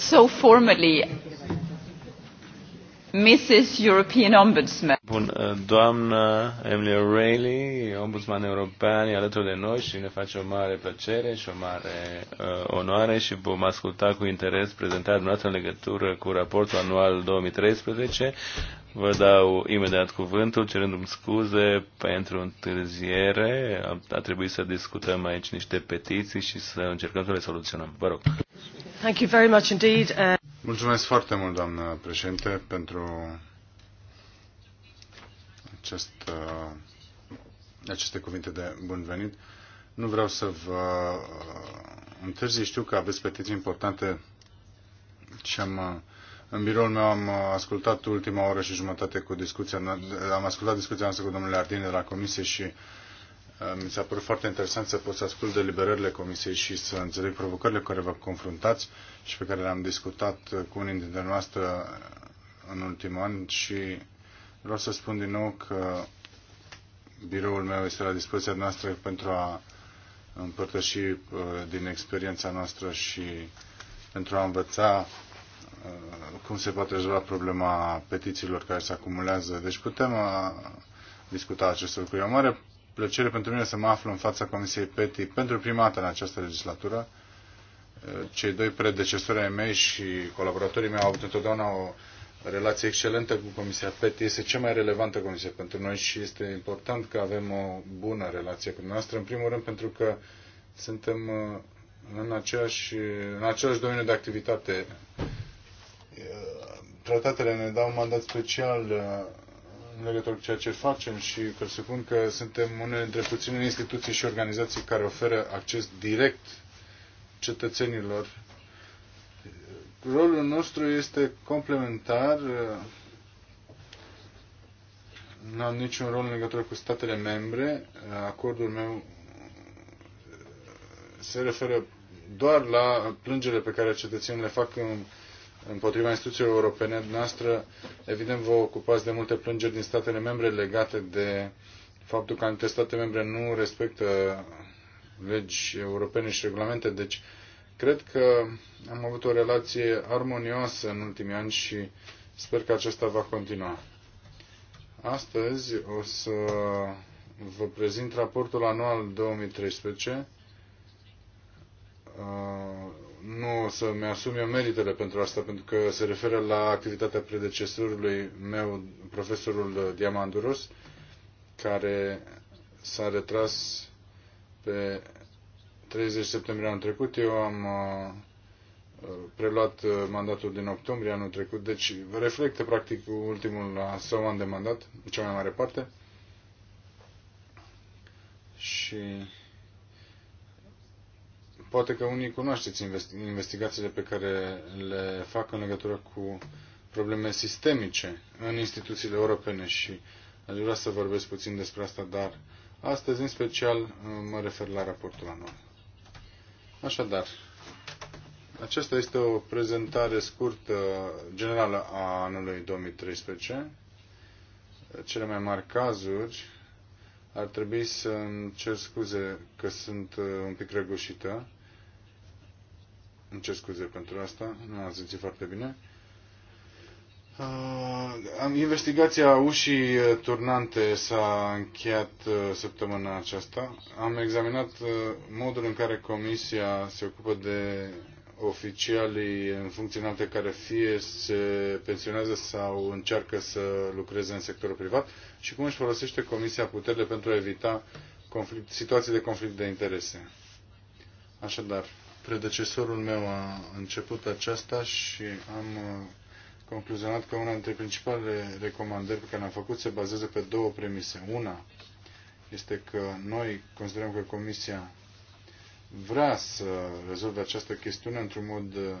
so formally Mrs. European Ombudsman. Bun, uh, doamna Emily O'Reilly, ombudsman european, e alături de noi și ne face o mare plăcere și o mare uh, onoare și vom asculta cu interes prezentarea dumneavoastră în legătură cu raportul anual 2013. Vă dau imediat cuvântul, cerându-mi scuze pentru întârziere. A, a trebuit să discutăm aici niște petiții și să încercăm să le soluționăm. Vă rog. Thank you very much indeed. Uh, Mulțumesc foarte mult, doamnă președinte, pentru acest, uh, aceste cuvinte de bun venit. Nu vreau să vă uh, întârzi, știu că aveți petiții importante și am, în biroul meu am ascultat ultima oră și jumătate cu discuția, am ascultat discuția noastră cu domnule Ardine de la Comisie și Uh, mi s-a părut foarte interesant să pot să ascult deliberările Comisiei și să înțeleg provocările cu care vă confruntați și pe care le-am discutat uh, cu unii dintre noastre uh, în ultimul an și vreau să spun din nou că biroul meu este la dispoziția noastră pentru a împărtăși din experiența noastră și pentru a învăța cum se poate rezolva problema petițiilor care se acumulează. Deci putem discuta acest lucru. E o mare plăcere pentru mine să mă aflu în fața Comisiei PETI pentru prima dată în această legislatură. Cei doi predecesori ai mei și colaboratorii mei au avut întotdeauna o relație excelentă cu Comisia PETI. Este cea mai relevantă comisie pentru noi și este important că avem o bună relație cu noastră, în primul rând pentru că suntem uh, în, aceeași, în același domeniu de activitate. Uh, tratatele ne dau un mandat special uh, în legătură cu ceea ce facem și presupun că suntem unele dintre puținele instituții și organizații care oferă acces direct cetățenilor. Rolul nostru este complementar. Nu am niciun rol în legătură cu statele membre. Acordul meu se referă doar la plângele pe care cetățenii le fac în împotriva instituțiilor europene. Noastră, evident, vă ocupați de multe plângeri din statele membre legate de faptul că anumite state membre nu respectă legi europene și regulamente. Deci, cred că am avut o relație armonioasă în ultimii ani și sper că aceasta va continua. Astăzi o să vă prezint raportul anual 2013 nu o să-mi asum eu meritele pentru asta, pentru că se referă la activitatea predecesorului meu, profesorul Diamanduros, care s-a retras pe 30 septembrie anul trecut. Eu am uh, preluat uh, mandatul din octombrie anul trecut, deci reflectă practic ultimul său an de mandat, în cea mai mare parte. Și Poate că unii cunoașteți investigațiile pe care le fac în legătură cu probleme sistemice în instituțiile europene și aș vrea să vorbesc puțin despre asta, dar astăzi în special mă refer la raportul anual. Așadar, aceasta este o prezentare scurtă generală a anului 2013. Cele mai mari cazuri ar trebui să cer scuze că sunt uh, un pic răgușită. Îmi cer scuze pentru asta, nu am zis foarte bine. Uh, investigația ușii uh, turnante s-a încheiat uh, săptămâna aceasta. Am examinat uh, modul în care Comisia se ocupă de oficialii în funcționante care fie se pensionează sau încearcă să lucreze în sectorul privat și cum își folosește Comisia puterile pentru a evita conflict, situații de conflict de interese. Așadar, Predecesorul meu a început aceasta și am uh, concluzionat că una dintre principalele recomandări pe care le-am făcut se bazează pe două premise. Una este că noi considerăm că Comisia vrea să rezolve această chestiune într-un mod uh,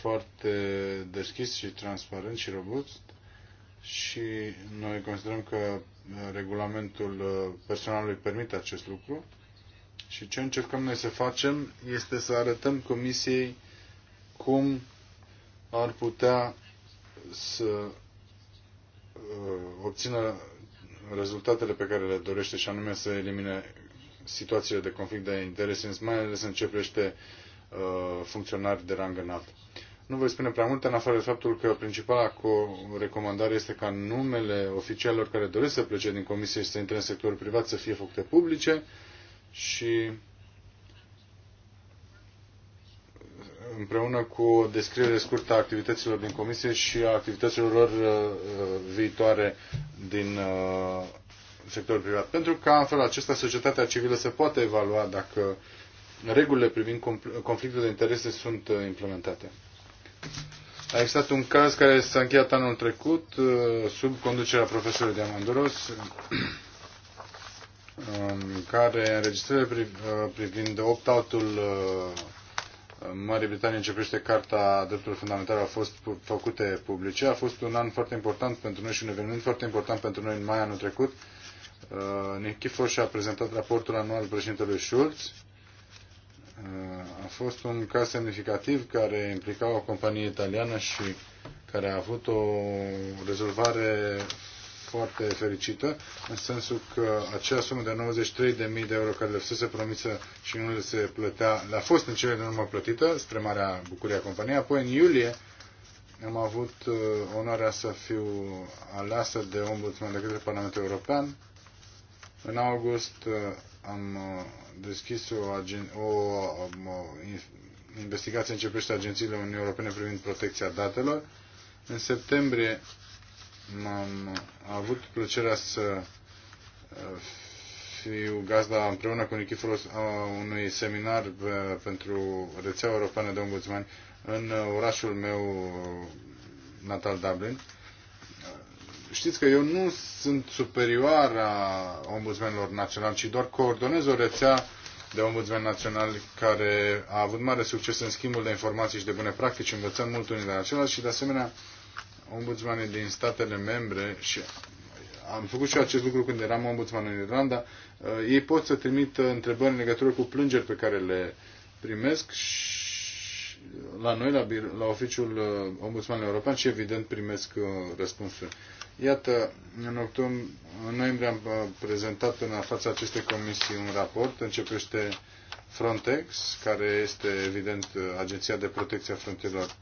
foarte deschis și transparent și robust și noi considerăm că uh, regulamentul personalului permite acest lucru și ce încercăm noi să facem este să arătăm Comisiei cum ar putea să uh, obțină rezultatele pe care le dorește și anume să elimine situațiile de conflict de interese, mai ales în ce privește uh, funcționari de rang înalt. Nu voi spune prea multe, în afară de faptul că principala recomandare este ca numele oficialilor care doresc să plece din comisie și să intre în sectorul privat să fie făcute publice, și împreună cu o descriere scurtă a activităților din comisie și a activităților lor uh, uh, viitoare din uh, sectorul privat. Pentru că în felul acesta societatea civilă se poate evalua dacă regulile privind conflictul de interese sunt implementate. A existat un caz care s-a încheiat anul trecut sub conducerea profesorului Diamanduros în care înregistrările uh, privind opt-out-ul uh, Marii Britanii începește Carta Drepturilor Fundamentale au fost făcute publice. A fost un an foarte important pentru noi și un eveniment foarte important pentru noi în mai anul trecut. Uh, Nichifor și-a prezentat raportul anual președintelui Schulz. A fost un caz semnificativ care implica o companie italiană și care a avut o rezolvare foarte fericită, în sensul că acea sumă de 93.000 de euro care le fusese promisă și nu le se plătea, le-a fost în cele din urmă plătită, spre marea bucurie a companiei. Apoi, în iulie, am avut uh, onoarea să fiu aleasă de ombudsman de către Parlamentul European. În august uh, am uh, deschis o, agen- o, um, o, o investigație începește agențiile Uniunii Europene privind protecția datelor. În septembrie M-am avut plăcerea să uh, fiu gazda împreună cu Nichiforos a unui seminar uh, pentru rețeaua europeană de ombudsmani în uh, orașul meu natal Dublin. Știți că eu nu sunt superior a ombudsmenilor naționali, ci doar coordonez o rețea de ombudsman național care a avut mare succes în schimbul de informații și de bune practici, învățăm mult unii de la celălalt și de asemenea ombudsmane din statele membre și am făcut și acest lucru când eram ombudsman în Irlanda, uh, ei pot să trimit întrebări în legătură cu plângeri pe care le primesc și la noi, la, la oficiul uh, ombudsmanului european și evident primesc uh, răspunsuri. Iată, în, octombrie, în noiembrie am prezentat în fața acestei comisii un raport, începește Frontex, care este evident agenția de protecție a frontierelor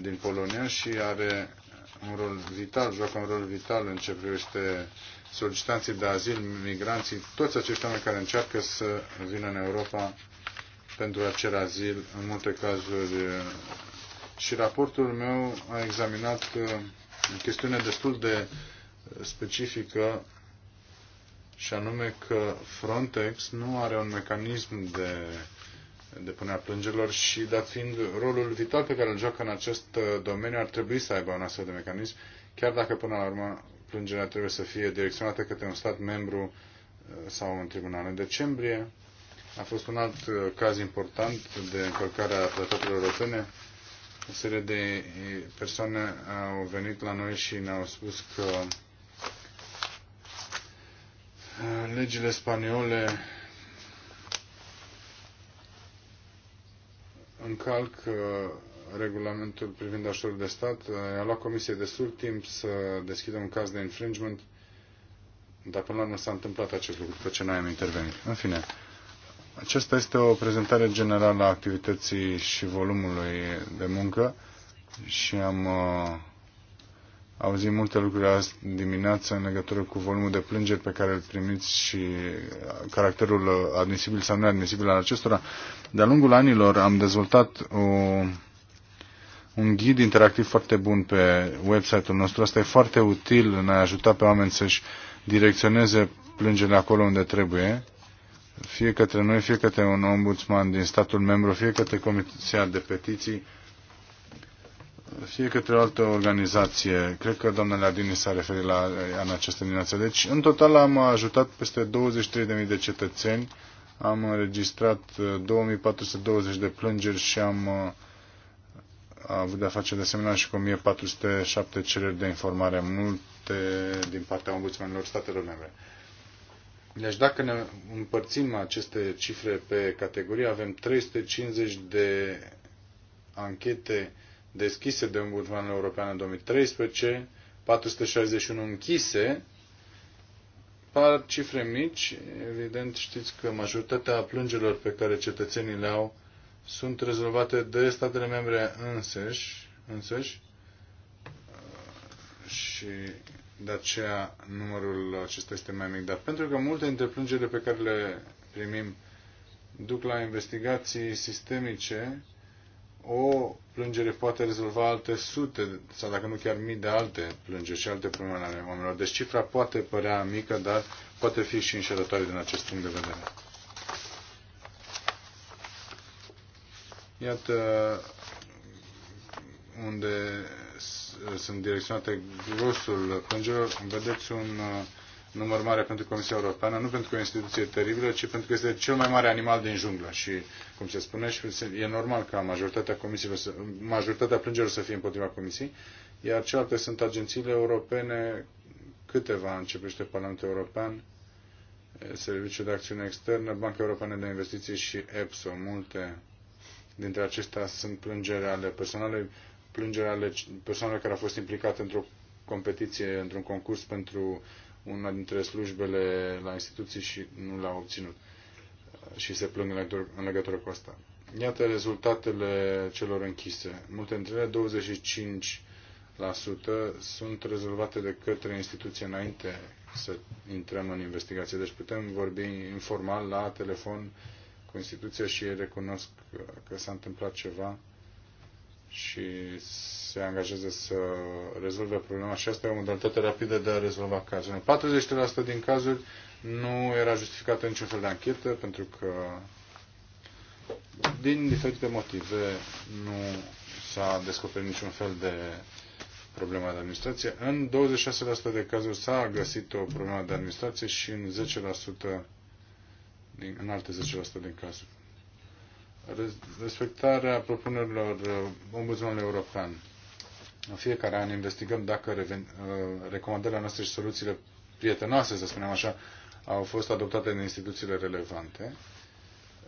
din Polonia și are un rol vital, joacă un rol vital în ce privește solicitanții de azil, migranții, toți acești oameni care încearcă să vină în Europa pentru a cere azil, în multe cazuri. Și raportul meu a examinat uh, o chestiune destul de specifică și anume că Frontex nu are un mecanism de depunerea plângerilor și dat fiind rolul vital pe care îl joacă în acest uh, domeniu, ar trebui să aibă un astfel de mecanism, chiar dacă până la urmă plângerea trebuie să fie direcționată către un stat membru uh, sau un tribunal. În decembrie a fost un alt uh, caz important de încălcare a tratatelor europene. O serie de persoane au venit la noi și ne-au spus că legile spaniole încalcă regulamentul privind ajutorul de stat. A luat Comisie destul timp să deschidă un caz de infringement, dar până la urmă s-a întâmplat acest lucru după ce noi am intervenit. În fine, aceasta este o prezentare generală a activității și volumului de muncă și am uh, auzit multe lucruri azi dimineață în legătură cu volumul de plângeri pe care îl primiți și uh, caracterul uh, admisibil sau neadmisibil al acestora. De-a lungul anilor am dezvoltat o, un ghid interactiv foarte bun pe website-ul nostru. Asta e foarte util în a ajuta pe oameni să-și direcționeze plângerile acolo unde trebuie, fie către noi, fie către un ombudsman din statul membru, fie către Comisia de Petiții fie către o altă organizație. Cred că doamna Leardini s-a referit la în această dimineață. Deci, în total am ajutat peste 23.000 de cetățeni, am înregistrat 2420 uh, de plângeri și am uh, a avut de-a face de asemenea și cu 1407 cereri de informare, multe din partea ombudsmanilor statelor membre. Deci dacă ne împărțim aceste cifre pe categorie, avem 350 de anchete deschise de Ombudsmanul European în 2013, 461 închise, par cifre mici, evident știți că majoritatea plângerilor pe care cetățenii le au sunt rezolvate de statele membre însăși, însăși și de aceea numărul acesta este mai mic. Dar pentru că multe dintre plângerile pe care le primim duc la investigații sistemice, o plângere poate rezolva alte sute sau dacă nu chiar mii de alte plângeri și alte probleme ale oamenilor. Deci cifra poate părea mică, dar poate fi și înșelătoare din acest punct de vedere. Iată unde sunt direcționate grosul plângerilor. Vedeți un uh, număr mare pentru Comisia Europeană, nu pentru că e o instituție teribilă, ci pentru că este cel mai mare animal din junglă. Și, cum se spune, și e normal ca majoritatea, comisiilor să, majoritatea plângerilor să fie împotriva Comisiei, iar celelalte sunt agențiile europene, câteva începește Parlamentul European, Serviciul de Acțiune Externă, Banca Europeană de Investiții și EPSO. Multe dintre acestea sunt plângeri ale personalului, plângeri ale persoanelor care au fost implicate într-o competiție, într-un concurs pentru una dintre slujbele la instituții și nu l-a obținut uh, și se plâng în legătură, în legătură cu asta. Iată rezultatele celor închise. Multe dintre ele, 25% sunt rezolvate de către instituție înainte să intrăm în investigație. Deci putem vorbi informal la telefon cu instituția și ei recunosc că s-a întâmplat ceva și se angajeze să rezolve problema și asta e o modalitate rapidă de a rezolva cazul. 40% din cazuri nu era justificată niciun fel de anchetă pentru că din diferite motive nu s-a descoperit niciun fel de problemă de administrație. În 26% de cazuri s-a găsit o problemă de administrație și în 10% din, în alte 10% din cazuri respectarea propunerilor uh, Ombudsmanului European. În fiecare an investigăm dacă uh, recomandările noastre și soluțiile prietenoase, să spunem așa, au fost adoptate de instituțiile relevante.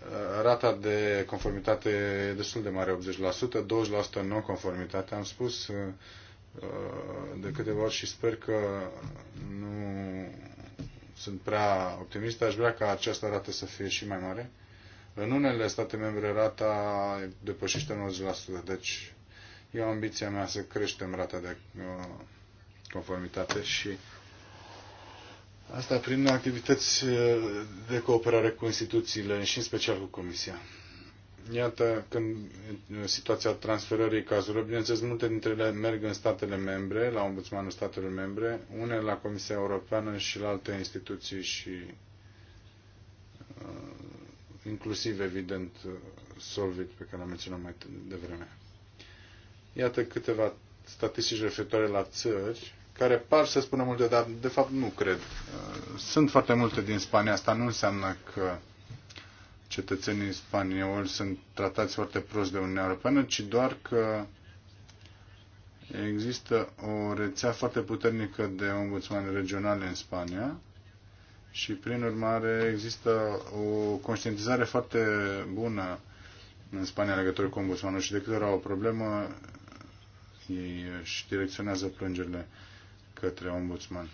Uh, rata de conformitate e destul de mare, 80%, 20% non-conformitate, am spus de câteva ori și sper că nu sunt prea optimist. Aș vrea ca această rată să fie și mai mare. În unele state membre rata depășește 90%, deci e ambiția mea să creștem rata de uh, conformitate și asta prin activități uh, de cooperare cu instituțiile și în special cu Comisia. Iată, când uh, situația transferării cazurilor, bineînțeles, multe dintre ele merg în statele membre, la Ombudsmanul statelor membre, unele la Comisia Europeană și la alte instituții și inclusiv, evident, Solvit, pe care l-am menționat mai devreme. Iată câteva statistici referitoare la țări, care par să spună multe, dar de fapt nu cred. Sunt foarte multe din Spania. Asta nu înseamnă că cetățenii spanioli sunt tratați foarte prost de Uniunea Europeană, ci doar că există o rețea foarte puternică de ombudsmani regionale în Spania și prin urmare există o conștientizare foarte bună în Spania în legătură cu ombudsmanul și de câte ori au o problemă, ei își direcționează plângerile către ombudsman.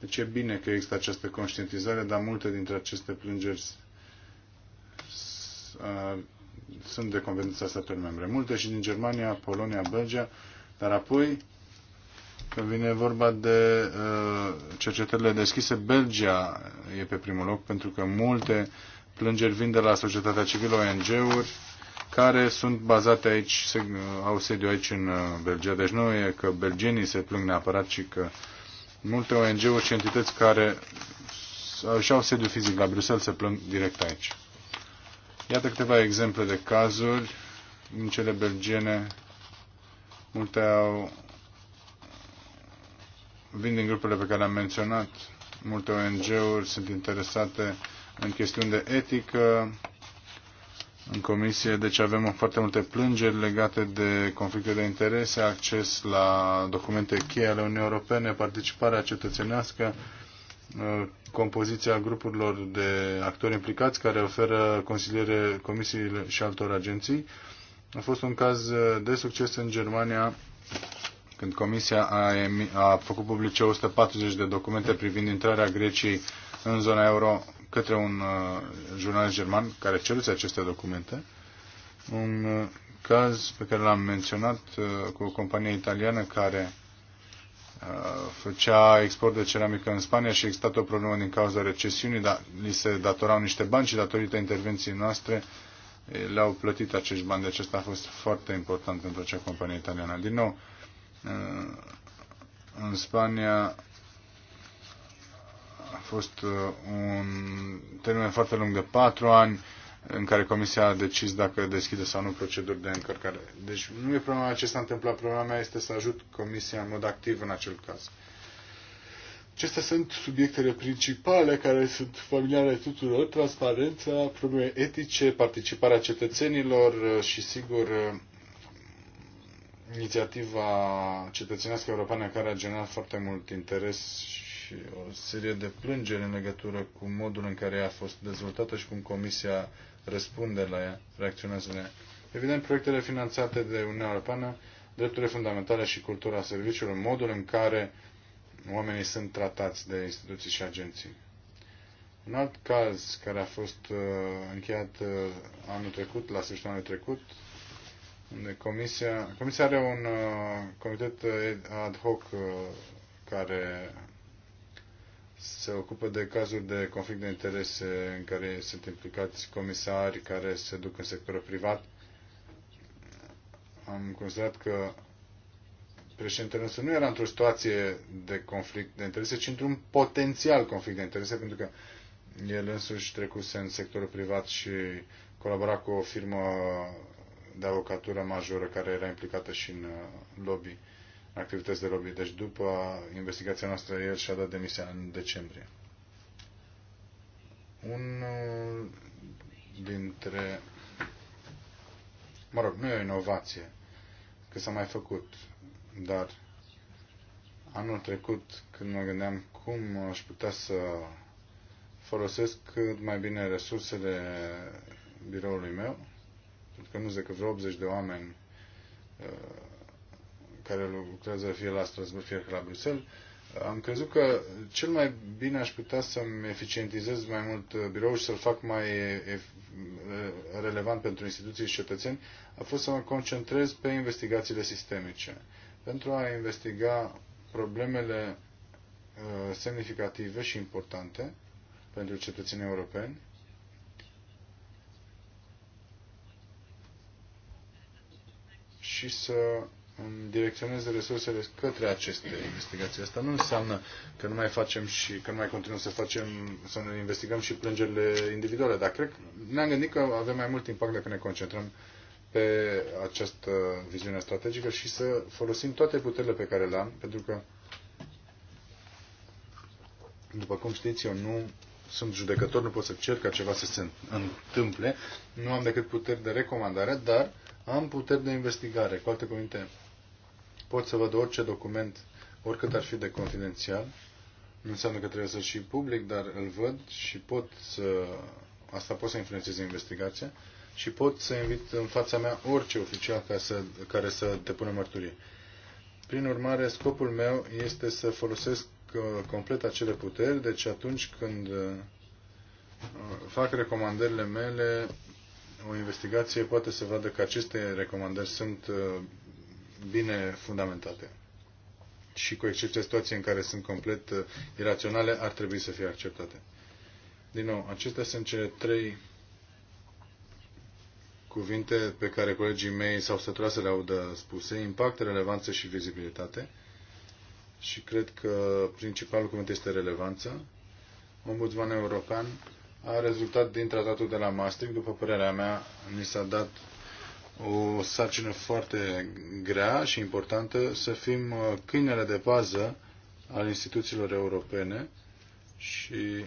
Deci e bine că există această conștientizare, dar multe dintre aceste plângeri sunt de competența statelor membre. Multe și din Germania, Polonia, Belgia, dar apoi când vine vorba de uh, cercetările deschise, Belgia e pe primul loc pentru că multe plângeri vin de la societatea civilă ONG-uri care sunt bazate aici, se, au sediu aici în uh, Belgia. Deci nu e că belgenii se plâng neapărat, ci că multe ONG-uri și entități care și au sediu fizic la Bruxelles se plâng direct aici. Iată câteva exemple de cazuri în cele belgene. Multe au vin din grupurile pe care am menționat. Multe ONG-uri sunt interesate în chestiuni de etică în comisie, deci avem foarte multe plângeri legate de conflicte de interese, acces la documente cheie ale Uniunii Europene, participarea cetățenească, uh, compoziția grupurilor de actori implicați care oferă consiliere comisiile și altor agenții. A fost un caz uh, de succes în Germania când Comisia a, a făcut publice 140 de documente privind intrarea Greciei în zona euro către un uh, jurnalist german care ceruse aceste documente. Un uh, caz pe care l-am menționat uh, cu o companie italiană care uh, făcea export de ceramică în Spania și exista o problemă din cauza recesiunii, dar li se datorau niște bani și datorită intervenției noastre eh, le-au plătit acești bani. Deci asta a fost foarte important pentru acea companie italiană. Din nou, Uh, în Spania a fost uh, un termen foarte lung de patru ani în care Comisia a decis dacă deschide sau nu proceduri de încărcare. Deci nu e problema ce s-a întâmplat, problema mea este să ajut Comisia în mod activ în acel caz. Acestea sunt subiectele principale care sunt familiare tuturor, transparența, probleme etice, participarea cetățenilor uh, și, sigur, inițiativa cetățenească europeană care a generat foarte mult interes și o serie de plângeri în legătură cu modul în care ea a fost dezvoltată și cum Comisia răspunde la ea, reacționează la ea. Evident, proiectele finanțate de Uniunea Europeană, drepturile fundamentale și cultura serviciilor, modul în care oamenii sunt tratați de instituții și agenții. Un alt caz care a fost uh, încheiat uh, anul trecut, la sfârșitul anului trecut, unde comisia, comisia are un uh, comitet uh, ad hoc uh, care se ocupă de cazuri de conflict de interese în care sunt implicați comisari care se duc în sectorul privat. Am considerat că președintele însă nu era într-o situație de conflict de interese, ci într-un potențial conflict de interese, pentru că el însuși trecuse în sectorul privat și colabora cu o firmă de avocatură majoră care era implicată și în uh, lobby, în activități de lobby. Deci după investigația noastră, el și-a dat demisia în decembrie. Unul uh, dintre... Mă rog, nu e o inovație, că s-a mai făcut, dar anul trecut, când mă gândeam cum aș putea să folosesc cât mai bine resursele biroului meu, pentru că nu zic că vreo 80 de oameni uh, care lucrează fie la Strasbourg, fie la Bruxelles, uh, am crezut că cel mai bine aș putea să-mi eficientizez mai mult uh, biroul și să-l fac mai relevant pentru instituții și cetățeni, a fost să mă concentrez pe investigațiile sistemice. Pentru a investiga problemele semnificative și importante pentru cetățenii europeni, și să direcționeze resursele către aceste investigații. Asta nu înseamnă că nu mai facem și că nu mai continuăm să facem, să ne investigăm și plângerile individuale, dar cred ne-am gândit că avem mai mult impact dacă ne concentrăm pe această viziune strategică și să folosim toate puterile pe care le am, pentru că, după cum știți, eu nu sunt judecător, nu pot să cer ca ceva să se întâmple, nu am decât puteri de recomandare, dar am puteri de investigare. Cu alte cuvinte, pot să văd orice document, oricât ar fi de confidențial. Nu înseamnă că trebuie să și public, dar îl văd și pot să... Asta pot să influențeze investigația și pot să invit în fața mea orice oficial ca să, care să depună mărturie. Prin urmare, scopul meu este să folosesc uh, complet acele puteri, deci atunci când uh, fac recomandările mele, o investigație poate să vadă că aceste recomandări sunt uh, bine fundamentate și cu excepția situației în care sunt complet uh, iraționale, ar trebui să fie acceptate. Din nou, acestea sunt cele trei cuvinte pe care colegii mei s-au săturat să le audă spuse, impact, relevanță și vizibilitate. Și cred că principalul cuvânt este relevanță. Ombudsman european a rezultat din tratatul de la Maastricht. După părerea mea, ni s-a dat o sarcină foarte grea și importantă să fim uh, câinele de bază al instituțiilor europene și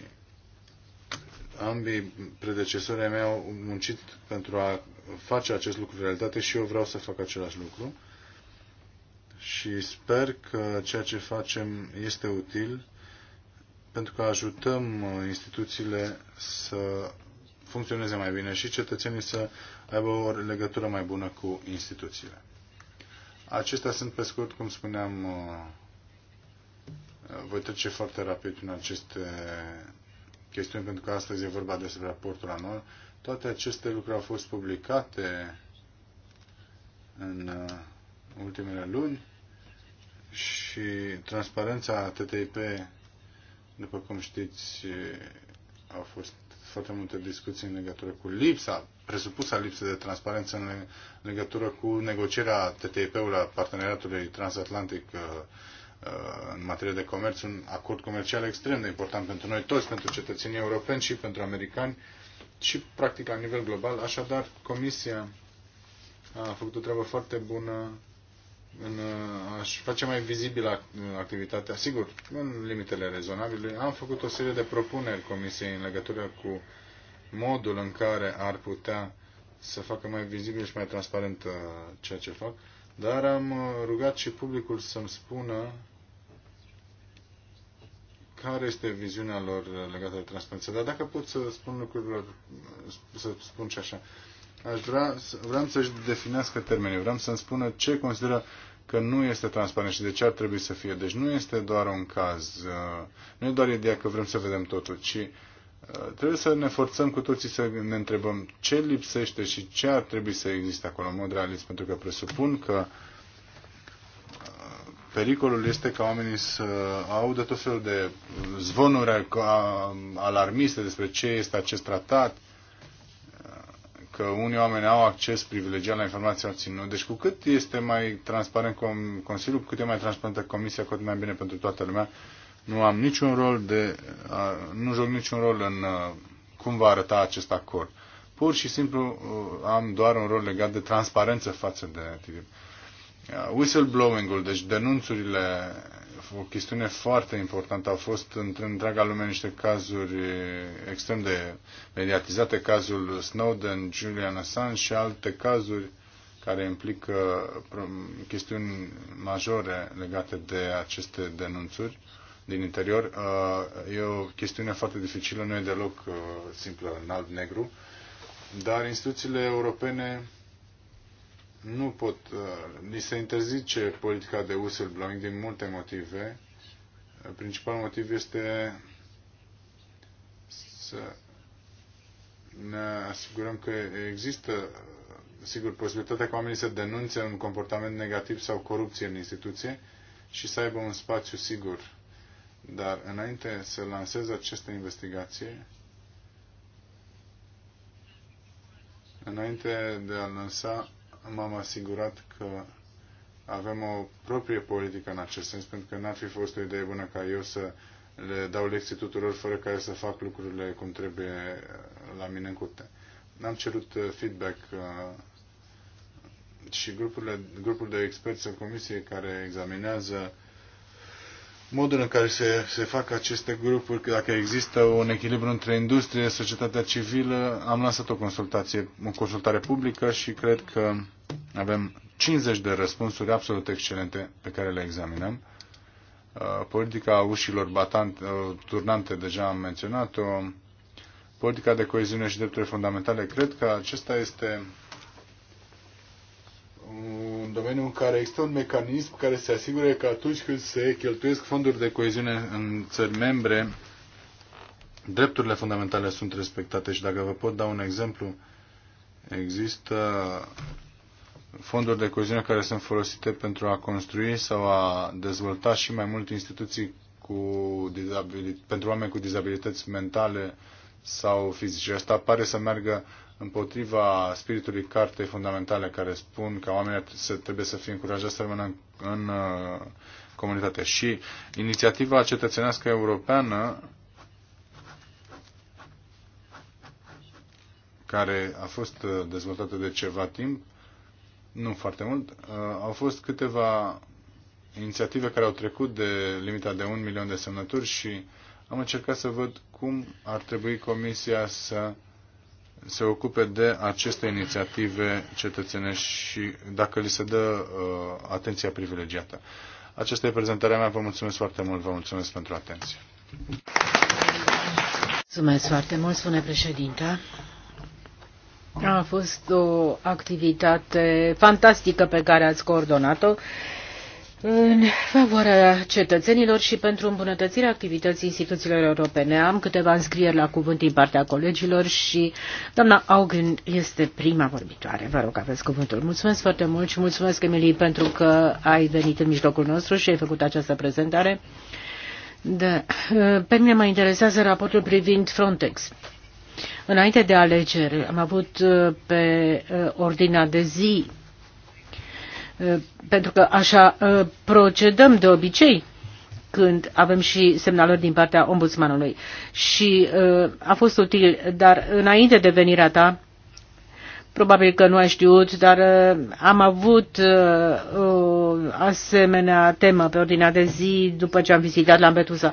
ambii predecesorii mei au muncit pentru a face acest lucru realitate și eu vreau să fac același lucru și sper că ceea ce facem este util pentru că ajutăm uh, instituțiile să funcționeze mai bine și cetățenii să aibă o legătură mai bună cu instituțiile. Acestea sunt, pe scurt, cum spuneam, uh, voi trece foarte rapid în aceste chestiuni, pentru că astăzi e vorba despre raportul anual. Toate aceste lucruri au fost publicate în uh, ultimele luni și transparența TTIP după cum știți, au fost foarte multe discuții în legătură cu lipsa, presupusa lipsă de transparență în legătură cu negocierea TTIP-ului a parteneriatului transatlantic uh, uh, în materie de comerț, un acord comercial extrem de important pentru noi toți, pentru cetățenii europeni și pentru americani și practic la nivel global. Așadar, Comisia a făcut o treabă foarte bună în uh, aș face mai vizibilă activitatea, sigur, în limitele rezonabile. Am făcut o serie de propuneri Comisiei în legătură cu modul în care ar putea să facă mai vizibil și mai transparent uh, ceea ce fac, dar am uh, rugat și publicul să-mi spună care este viziunea lor legată de transparență. Dar dacă pot să spun lucrurilor, să spun și așa, aș vrea, vreau să-și definească termenii, vreau să-mi spună ce consideră că nu este transparent și de ce ar trebui să fie. Deci nu este doar un caz, uh, nu e doar ideea că vrem să vedem totul, ci uh, trebuie să ne forțăm cu toții să ne întrebăm ce lipsește și ce ar trebui să existe acolo în mod realist, pentru că presupun că uh, pericolul este ca oamenii să audă tot felul de zvonuri alarmiste despre ce este acest tratat, că unii oameni au acces privilegiat la informații alții nu. Deci cu cât este mai transparent Consiliul, cu cât e mai transparentă Comisia, cu atât mai bine pentru toată lumea. Nu am niciun rol de, nu joc niciun rol în cum va arăta acest acord. Pur și simplu uh, am doar un rol legat de transparență față de TTIP. Whistleblowing-ul, deci denunțurile o chestiune foarte importantă. Au fost în întreaga lume niște cazuri extrem de mediatizate, cazul Snowden, Julian Assange și alte cazuri care implică chestiuni majore legate de aceste denunțuri din interior. E o chestiune foarte dificilă, nu e deloc simplă în alb-negru, dar instituțiile europene nu pot, li uh, se interzice politica de whistleblowing din multe motive. Uh, Principal motiv este să ne asigurăm că există, uh, sigur, posibilitatea ca oamenii să denunțe un comportament negativ sau corupție în instituție și să aibă un spațiu sigur. Dar înainte să lansez această investigație, înainte de a lansa m-am asigurat că avem o proprie politică în acest sens, pentru că n-ar fi fost o idee bună ca eu să le dau lecții tuturor fără care să fac lucrurile cum trebuie uh, la mine în curte. Am cerut uh, feedback uh, și grupurile, grupul de experți al comisiei care examinează modul în care se, se fac aceste grupuri, că dacă există un echilibru între industrie, societatea civilă, am lansat o consultație, o consultare publică și cred că avem 50 de răspunsuri absolut excelente pe care le examinăm. Uh, politica ușilor batant, uh, turnante, deja am menționat-o, politica de coeziune și drepturi fundamentale, cred că acesta este un domeniu în care există un mecanism care se asigure că atunci când se cheltuiesc fonduri de coeziune în țări membre, drepturile fundamentale sunt respectate și dacă vă pot da un exemplu, există fonduri de coeziune care sunt folosite pentru a construi sau a dezvolta și mai mult instituții cu pentru oameni cu dizabilități mentale sau fizice. Asta pare să meargă împotriva spiritului cartei fundamentale care spun că oamenii trebuie să fie încurajați să rămână în, în uh, comunitate. Și inițiativa cetățenească europeană care a fost uh, dezvoltată de ceva timp, nu foarte mult, uh, au fost câteva inițiative care au trecut de limita de un milion de semnături și am încercat să văd cum ar trebui Comisia să se ocupe de aceste inițiative cetățenești și dacă li se dă uh, atenția privilegiată. Aceasta e prezentarea mea. Vă mulțumesc foarte mult. Vă mulțumesc pentru atenție. Mulțumesc foarte mult, spune președinta. A fost o activitate fantastică pe care ați coordonat-o în favoarea cetățenilor și pentru îmbunătățirea activității instituțiilor europene. Am câteva înscrieri la cuvânt din partea colegilor și doamna Augen este prima vorbitoare. Vă rog, aveți cuvântul. Mulțumesc foarte mult și mulțumesc, Emilie, pentru că ai venit în mijlocul nostru și ai făcut această prezentare. Da. Pe mine mă interesează raportul privind Frontex. Înainte de alegeri am avut uh, pe uh, ordinea de zi Eh, pentru că așa eh, procedăm de obicei când avem și semnalări din partea ombudsmanului. Și eh, a fost util, dar înainte de venirea ta, Probabil că nu ai știut, dar uh, am avut uh, o asemenea temă pe ordinea de zi după ce am vizitat Lampedusa.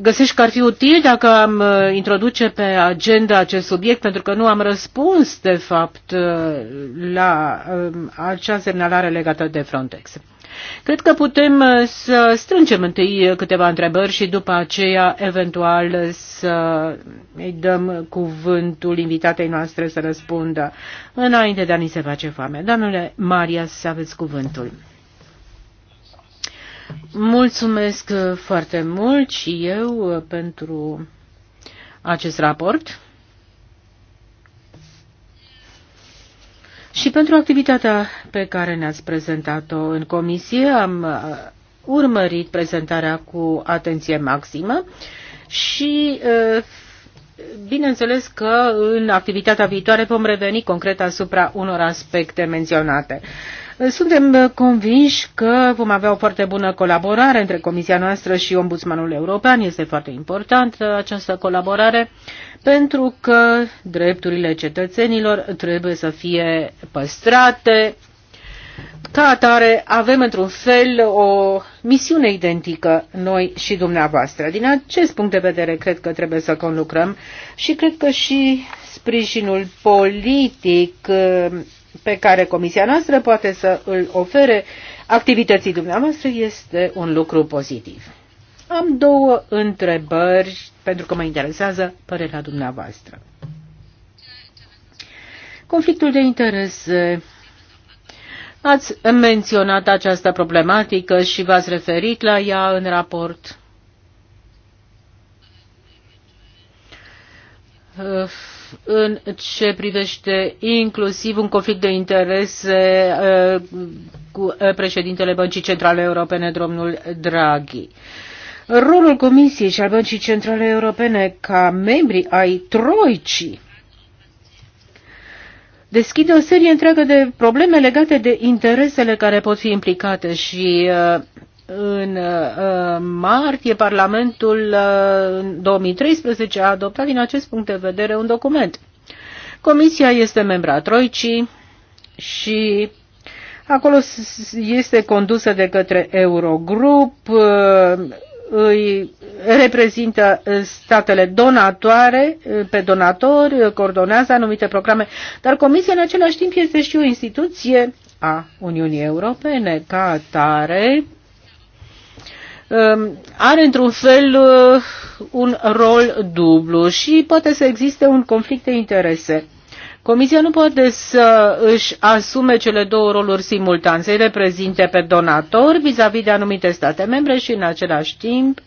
Găsești că ar fi util dacă am uh, introduce pe agenda acest subiect, pentru că nu am răspuns, de fapt, la um, acea semnalare legată de Frontex. Cred că putem uh, să strângem întâi câteva întrebări și după aceea eventual să îi dăm cuvântul invitatei noastre să răspundă înainte de a ni se face foame. Doamnele Maria, să aveți cuvântul. Mulțumesc foarte mult și eu uh, pentru acest raport. Și pentru activitatea pe care ne-ați prezentat-o în comisie, am uh, urmărit prezentarea cu atenție maximă și uh, bineînțeles că în activitatea viitoare vom reveni concret asupra unor aspecte menționate. Suntem uh, convinși că vom avea o foarte bună colaborare între Comisia noastră și Ombudsmanul European. Este foarte importantă această colaborare pentru că drepturile cetățenilor trebuie să fie păstrate. Ca atare, avem într-un fel o misiune identică noi și dumneavoastră. Din acest punct de vedere, cred că trebuie să conlucrăm și cred că și sprijinul politic uh, pe care comisia noastră poate să îl ofere activității dumneavoastră este un lucru pozitiv. Am două întrebări pentru că mă interesează părerea dumneavoastră. Conflictul de interese. Ați menționat această problematică și v-ați referit la ea în raport. Ă, în ce privește inclusiv un conflict de interese uh, cu uh, președintele Băncii Centrale Europene, domnul Draghi. Rolul Comisiei și al Băncii Centrale Europene ca membri ai Troicii deschide o serie întreagă de probleme legate de interesele care pot fi implicate și uh, în uh, martie, Parlamentul uh, în 2013 a adoptat din acest punct de vedere un document. Comisia este membra Troicii și acolo este condusă de către Eurogrup, uh, îi reprezintă statele donatoare, pe donatori, coordonează anumite programe, dar Comisia în același timp este și o instituție a Uniunii Europene ca atare Um, are într-un fel uh, un rol dublu și poate să existe un conflict de interese. Comisia nu poate să își asume cele două roluri simultan, să-i reprezinte pe donator vis-a-vis -vis de anumite state membre și în același timp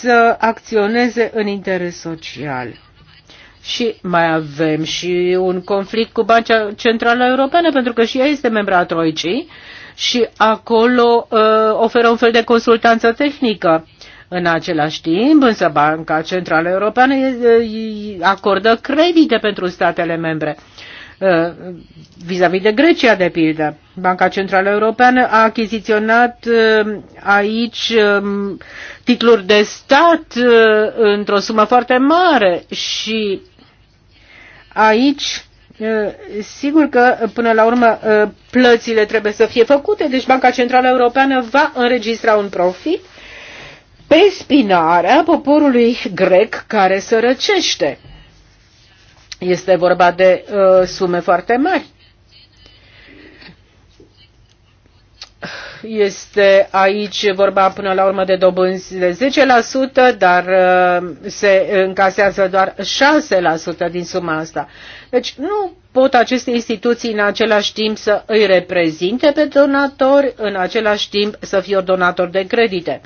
să acționeze în interes social. Și mai avem și un conflict cu Banca Centrală Europeană, pentru că și ea este membra a Troicii și acolo uh, oferă un fel de consultanță tehnică. În același timp, însă, Banca Centrală Europeană acordă credite pentru statele membre. Uh, vis-a-vis -vis de Grecia, de pildă, Banca Centrală Europeană a achiziționat uh, aici um, titluri de stat uh, într-o sumă foarte mare și aici Eh, sigur că, până la urmă, eh, plățile trebuie să fie făcute, deci Banca Centrală Europeană va înregistra un profit pe spinarea poporului grec care sărăcește. Este vorba de uh, sume foarte mari. Este aici vorba până la urmă de dobânzi de 10%, dar uh, se încasează doar 6% din suma asta. Deci nu pot aceste instituții în același timp să îi reprezinte pe donatori, în același timp să fie donatori de credite.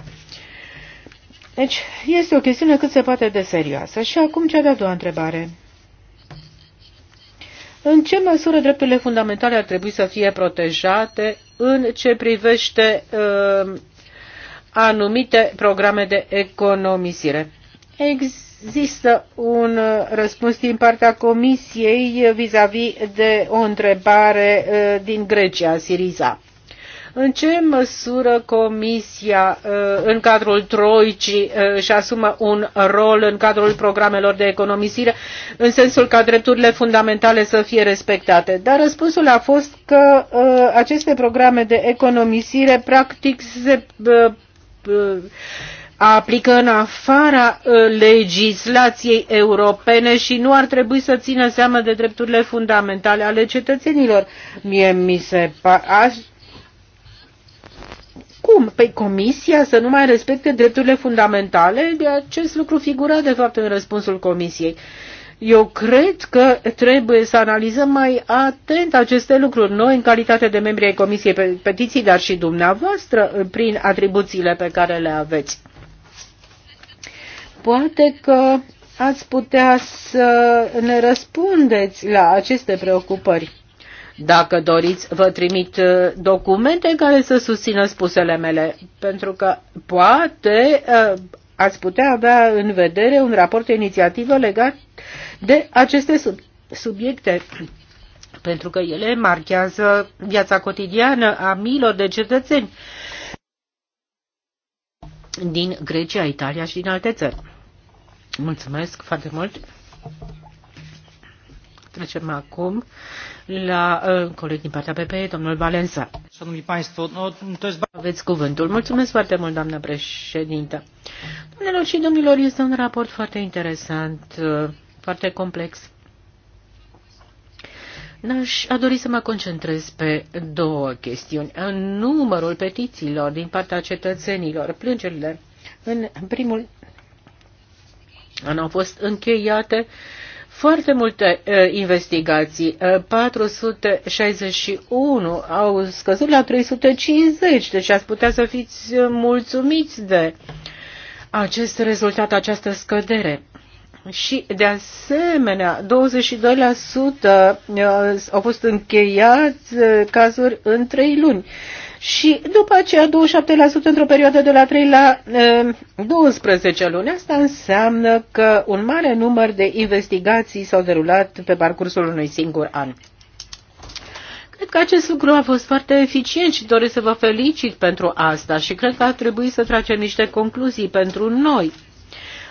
Deci este o chestiune cât se poate de serioasă. Și acum cea de-a doua întrebare. În ce măsură drepturile fundamentale ar trebui să fie protejate în ce privește uh, anumite programe de economisire? Ex Există un uh, răspuns din partea Comisiei vis-a-vis -vis de o întrebare uh, din Grecia, Siriza. În ce măsură Comisia, uh, în cadrul Troicii, își asumă un rol în cadrul programelor de economisire, în sensul ca drepturile fundamentale să fie respectate? Dar răspunsul a fost că aceste programe de economisire, practic, se aplică în afara uh, legislației europene și nu ar trebui să țină seama de drepturile fundamentale ale cetățenilor. Mie mi se pare... Cum? Păi comisia să nu mai respecte drepturile fundamentale? De acest lucru figura, de fapt, în răspunsul comisiei. Eu cred că trebuie să analizăm mai atent aceste lucruri. Noi, în calitate de membri ai Comisiei Petiții, dar și dumneavoastră, prin atribuțiile pe care le aveți. Poate că ați putea să ne răspundeți la aceste preocupări. Dacă doriți, vă trimit uh, documente care să susțină spusele mele, pentru că poate uh, ați putea avea în vedere un raport de inițiativă legat de aceste sub subiecte, pentru că ele marchează viața cotidiană a miilor de cetățeni din Grecia, Italia și din alte țări. Mulțumesc foarte mult. Trecem acum la uh, coleg din partea PP, domnul Valensa. Aveți cuvântul. Mulțumesc foarte mult, doamnă președintă. Domnilor și domnilor, este un raport foarte interesant, uh, foarte complex. N-aș a dori să mă concentrez pe două chestiuni. Numărul petițiilor din partea cetățenilor, plângerile, în primul au fost încheiate foarte multe uh, investigații. Uh, 461 au scăzut la 350, deci ați putea să fiți mulțumiți de acest rezultat, această scădere. Și, de asemenea, 22% au fost încheiați cazuri în 3 luni și după aceea 27% într-o perioadă de la 3 la eh, e, 12 luni. Asta înseamnă că un mare număr de investigații s-au derulat pe parcursul unui singur an. Cred că acest lucru a fost foarte eficient și doresc să vă felicit pentru asta și cred că ar trebui să tragem niște concluzii pentru noi.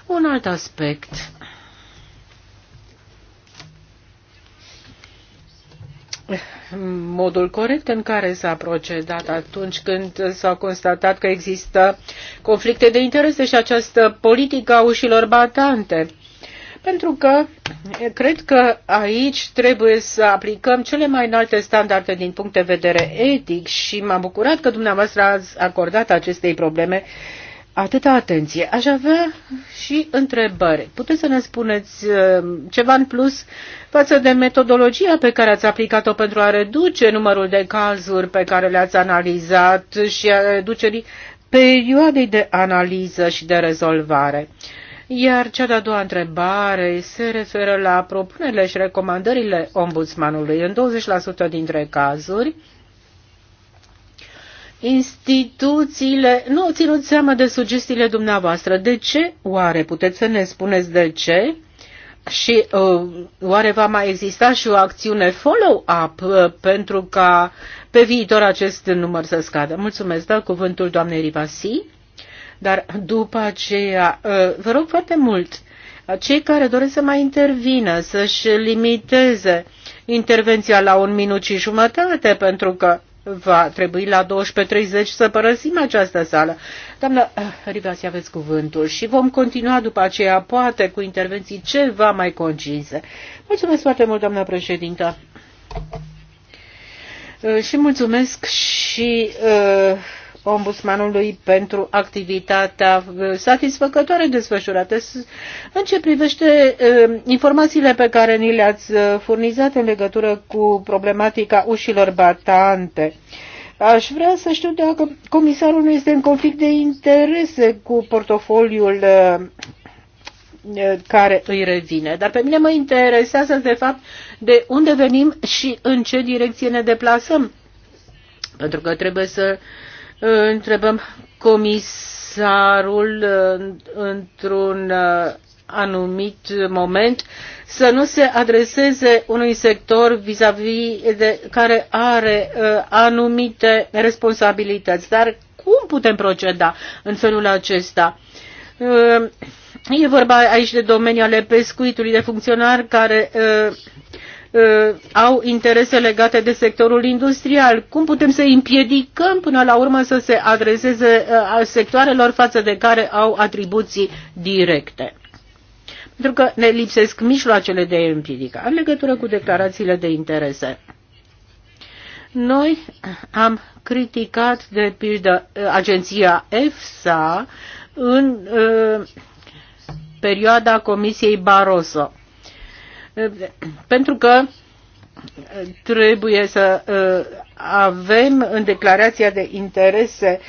Un alt aspect modul corect în care s-a procedat atunci când s-a constatat că există conflicte de interese și această politică a ușilor batante. Pentru că cred că aici trebuie să aplicăm cele mai înalte standarde din punct de vedere etic și m-am bucurat că dumneavoastră ați acordat acestei probleme uh, atâta atenție. Aș avea și întrebări. Puteți să ne spuneți uh, ceva în plus față de metodologia pe care ați aplicat-o pentru a reduce numărul de cazuri pe care le-ați analizat și a reducerii perioadei de analiză și de rezolvare? Iar cea de-a doua întrebare se referă la propunerile și recomandările ombudsmanului. În 20% dintre cazuri, instituțiile nu au ținut seama de sugestiile dumneavoastră. De ce? Oare puteți să ne spuneți de ce? Și uh, oare va mai exista și o acțiune follow-up uh, pentru ca pe viitor acest număr să scadă? Mulțumesc, da, cuvântul doamnei Rivasi. Dar după aceea, uh, vă rog foarte mult, cei care doresc să mai intervină, să-și limiteze intervenția la un minut și jumătate, pentru că va trebui la 12.30 să părăsim această sală. Doamnă eh, Rivas, aveți cuvântul și vom continua după aceea, poate, cu intervenții ceva mai concise. Mulțumesc foarte mult, doamna președintă. Eh, și mulțumesc și uh, ombudsmanului pentru activitatea uh, satisfăcătoare desfășurată. În ce privește uh, informațiile pe care ni le-ați uh, furnizat în legătură cu problematica ușilor batante, Aș vrea să știu dacă comisarul nu este în conflict de interese cu portofoliul care îi revine. Dar pe mine mă interesează, de fapt, de unde venim și în ce direcție ne deplasăm. Pentru că trebuie să uh, întrebăm comisarul uh, într-un uh, anumit moment să nu se adreseze unui sector vis-a-vis -vis de care are uh, anumite responsabilități. Dar cum putem proceda în felul acesta? E vorba aici de domeniul ale pescuitului, de funcționari care uh, Uh, au interese legate de sectorul industrial. Cum putem să împiedicăm până la urmă să se adreseze uh, sectoarelor față de care au atribuții directe? Pentru că ne lipsesc mijloacele de împiedică. în legătură cu declarațiile de interese. Noi am criticat, de pildă, uh, agenția EFSA în uh, perioada Comisiei Barroso pentru că uh, trebuie să uh, avem în declarația de interese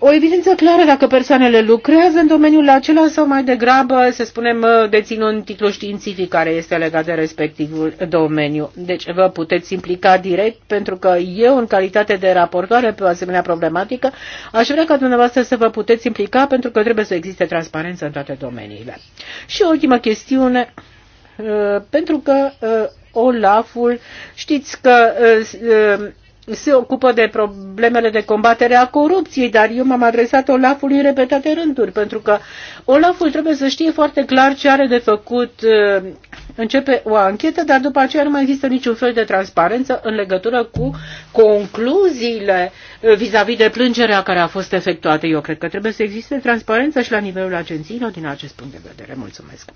o evidență clară dacă persoanele lucrează în domeniul acela sau mai degrabă, să spunem, uh, dețin un titlu științific care este legat de respectivul domeniu. Deci vă puteți implica direct pentru că eu, în calitate de raportoare pe o asemenea problematică, aș vrea ca dumneavoastră să vă puteți implica pentru că trebuie să existe transparență în toate domeniile. Și o ultimă chestiune Uh, pentru că uh, Olaful știți că uh, se ocupă de problemele de combatere a corupției, dar eu m-am adresat Olafului repetate rânduri, pentru că Olaful trebuie să știe foarte clar ce are de făcut. Uh, începe o anchetă, dar după aceea nu mai există niciun fel de transparență în legătură cu concluziile uh, vis-a-vis -vis de plângerea care a fost efectuată. Eu cred că trebuie să existe transparență și la nivelul agențiilor din acest punct de vedere. Mulțumesc.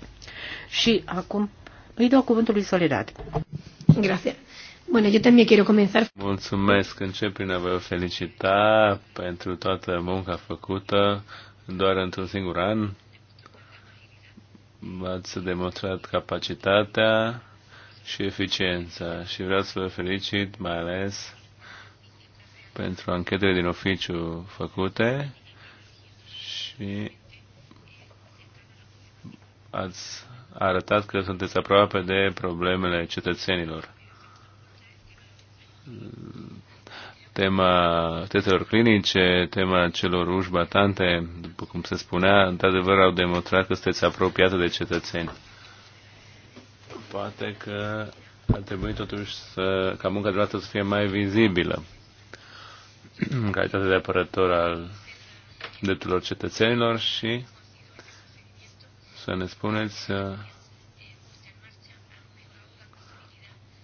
Și acum îi dau cuvântul lui Soledad. Grazie. Bueno, yo también quiero comenzar. Mulțumesc, încep prin a vă felicita pentru toată munca făcută doar într-un singur an. V-ați demonstrat capacitatea și eficiența și vreau să vă felicit mai ales pentru anchetele din oficiu făcute și ați arătat că sunteți aproape de problemele cetățenilor tema testelor clinice, tema celor uși batante, după cum se spunea, într-adevăr au demonstrat că sunteți apropiată de cetățeni. Poate că ar trebui totuși să, ca munca dumneavoastră să fie mai vizibilă în calitate de apărător al drepturilor cetățenilor și să ne spuneți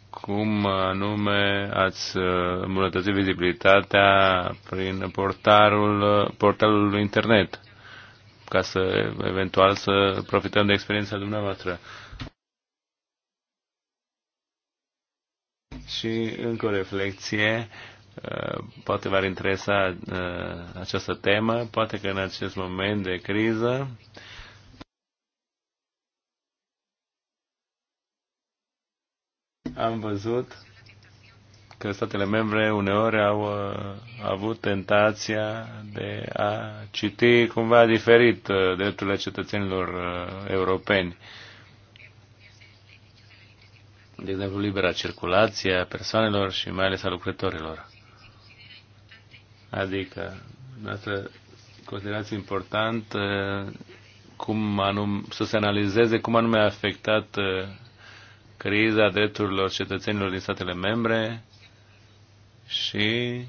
cum anume ați uh, îmbunătățit vizibilitatea prin portalul, uh, portalul internet, ca să eventual să profităm de experiența dumneavoastră. Și încă o reflexie, uh, poate v-ar interesa această temă, poate că în acest moment de criză, am văzut că statele membre uneori au uh, avut tentația de a citi cumva diferit uh, drepturile cetățenilor uh, europeni. De exemplu, libera circulație a persoanelor și mai ales a lucrătorilor. Adică, noastră considerați important cum anum, să se analizeze cum anume a afectat uh, criza drepturilor cetățenilor din statele membre și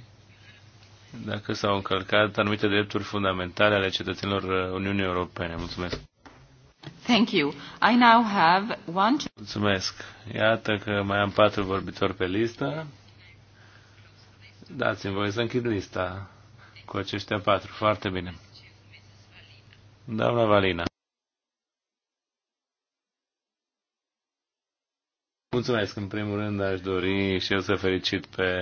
dacă s-au încălcat anumite drepturi fundamentale ale cetățenilor uh, Uniunii Europene. Mulțumesc! Thank you. I now have one... Mulțumesc! Iată că mai am patru vorbitori pe listă. Dați-mi voi să închid lista cu aceștia patru. Foarte bine. Doamna Valina. Mulțumesc. În primul rând aș dori și eu să felicit pe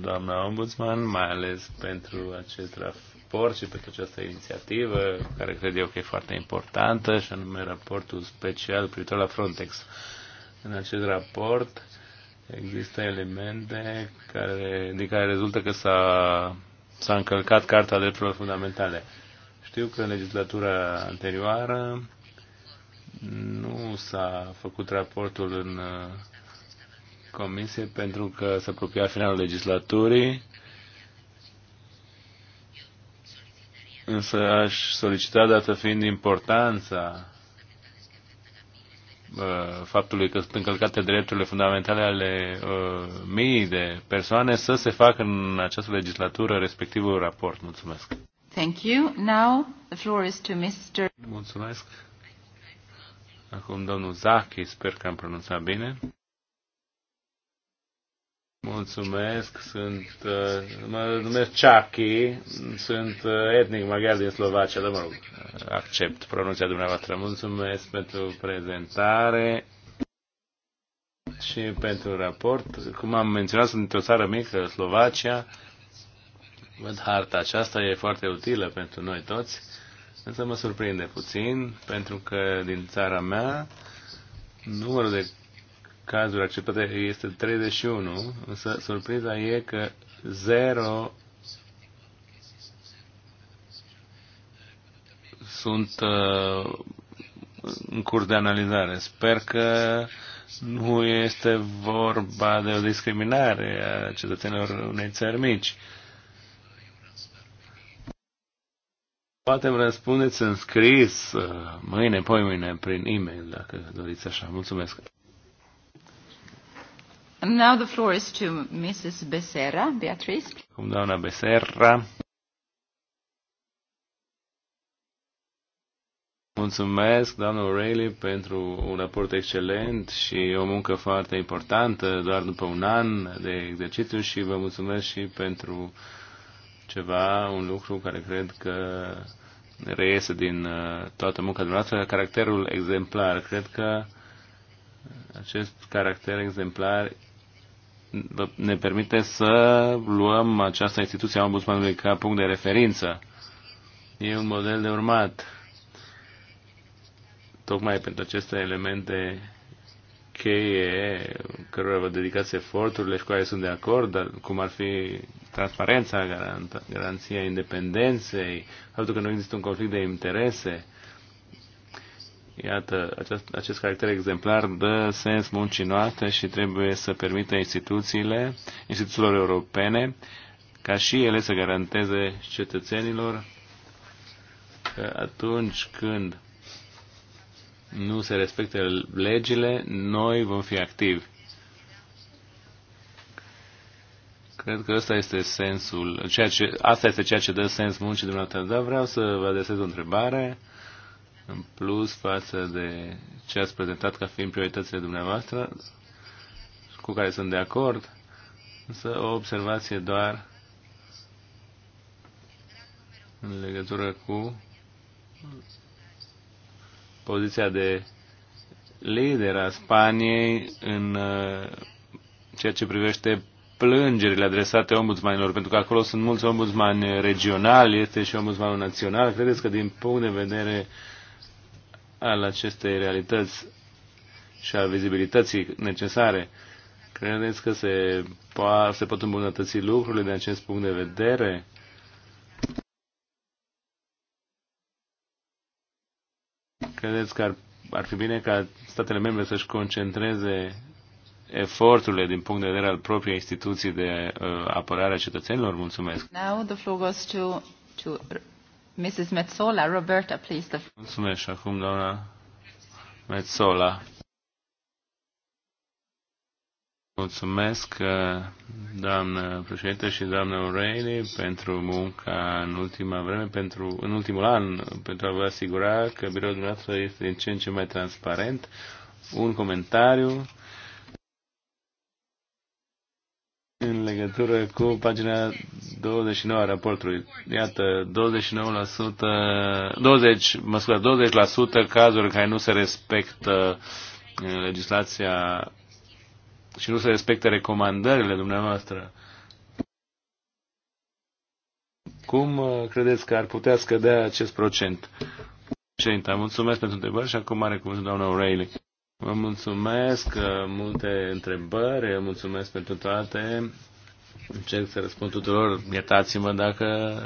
doamna ombudsman, mai ales pentru acest raport și pentru această inițiativă, care cred eu că e foarte importantă, și anume raportul special privitor la Frontex. În acest raport există elemente care, din care rezultă că s-a, s-a încălcat Carta Drepturilor Fundamentale. Știu că în legislatura anterioară nu s-a făcut raportul în comisie pentru că se apropia finalul legislaturii. Însă aș solicita, dată fiind importanța uh, faptului că sunt încălcate drepturile fundamentale ale uh, mii de persoane să se facă în această legislatură respectivul raport. Mulțumesc. Thank you. Now the floor is to Mr. Mulțumesc. Acum domnul Zaki, sper că am pronunțat bine. Mulțumesc, sunt, uh, mă numesc Chucky, sunt uh, etnic maghiar din Slovacia, dar mă rog, accept pronunția dumneavoastră. Mulțumesc pentru prezentare și pentru raport. Cum am menționat, sunt o țară mică, Slovacia. Văd harta aceasta, e foarte utilă pentru noi toți, însă mă surprinde puțin, pentru că din țara mea numărul de cazuri acceptate este 31, însă surpriza e că 0 sunt uh, în curs de analizare. Sper că nu este vorba de o discriminare a cetățenilor unei țări mici. Poate îmi răspundeți în scris uh, mâine, poi mâine, prin e-mail, dacă doriți așa. Mulțumesc! Now the floor is to Mrs. Becerra, doamna Becerra. Mulțumesc, doamna O'Reilly, pentru un raport excelent și o muncă foarte importantă, doar după un an de exercițiu și vă mulțumesc și pentru ceva, un lucru care cred că reiese din uh, toată munca dumneavoastră, caracterul exemplar. Cred că acest caracter exemplar ne permite să luăm această instituție a ombudsmanului ca punct de referință. E un model de urmat. Tocmai pentru aceste elemente cheie cărora vă dedicați eforturile și cu care sunt de acord, dar cum ar fi transparența, garanția independenței, faptul că nu există un conflict de interese, Iată, acest, acest caracter exemplar dă sens muncii noastre și trebuie să permită instituțiile, instituțiilor europene, ca și ele să garanteze cetățenilor că atunci când nu se respectă legile, noi vom fi activi. Cred că asta este sensul, ceea ce, asta este ceea ce dă sens muncii dumneavoastră, dar vreau să vă adresez o întrebare în plus față de ce ați prezentat ca fiind prioritățile dumneavoastră, cu care sunt de acord, însă o observație doar în legătură cu poziția de lider a Spaniei în uh, ceea ce privește plângerile adresate ombudsmanilor, pentru că acolo sunt mulți ombudsmani regionali, este și ombudsmanul național. Credeți că din punct de vedere uh, al acestei realități și a vizibilității necesare. Credeți că se, po- se pot îmbunătăți lucrurile din acest punct de vedere? Credeți că ar, ar fi bine ca statele membre să-și concentreze eforturile din punct de vedere al propriei instituții de uh, apărare a cetățenilor? Mulțumesc. Now the floor goes to, to Mrs. Metzola. Roberta, please. The... Mulțumesc acum, doamna Metzola. Mulțumesc, uh, doamnă președinte și doamnă O'Reilly, pentru munca în ultima vreme, pentru, în ultimul an, pentru a vă asigura că biroul dumneavoastră este din ce în ce mai transparent. Un comentariu legătură cu pagina 29 a raportului. Iată, 29%, 20, mă scuze, 20% cazuri care nu se respectă eh, legislația și nu se respectă recomandările dumneavoastră. Cum eh, credeți că ar putea scădea acest procent? Președinte, mulțumesc pentru întrebări și acum are cuvântul doamna O'Reilly. Vă mulțumesc, eh, multe întrebări, mulțumesc pentru toate încerc să răspund tuturor, iertați-mă dacă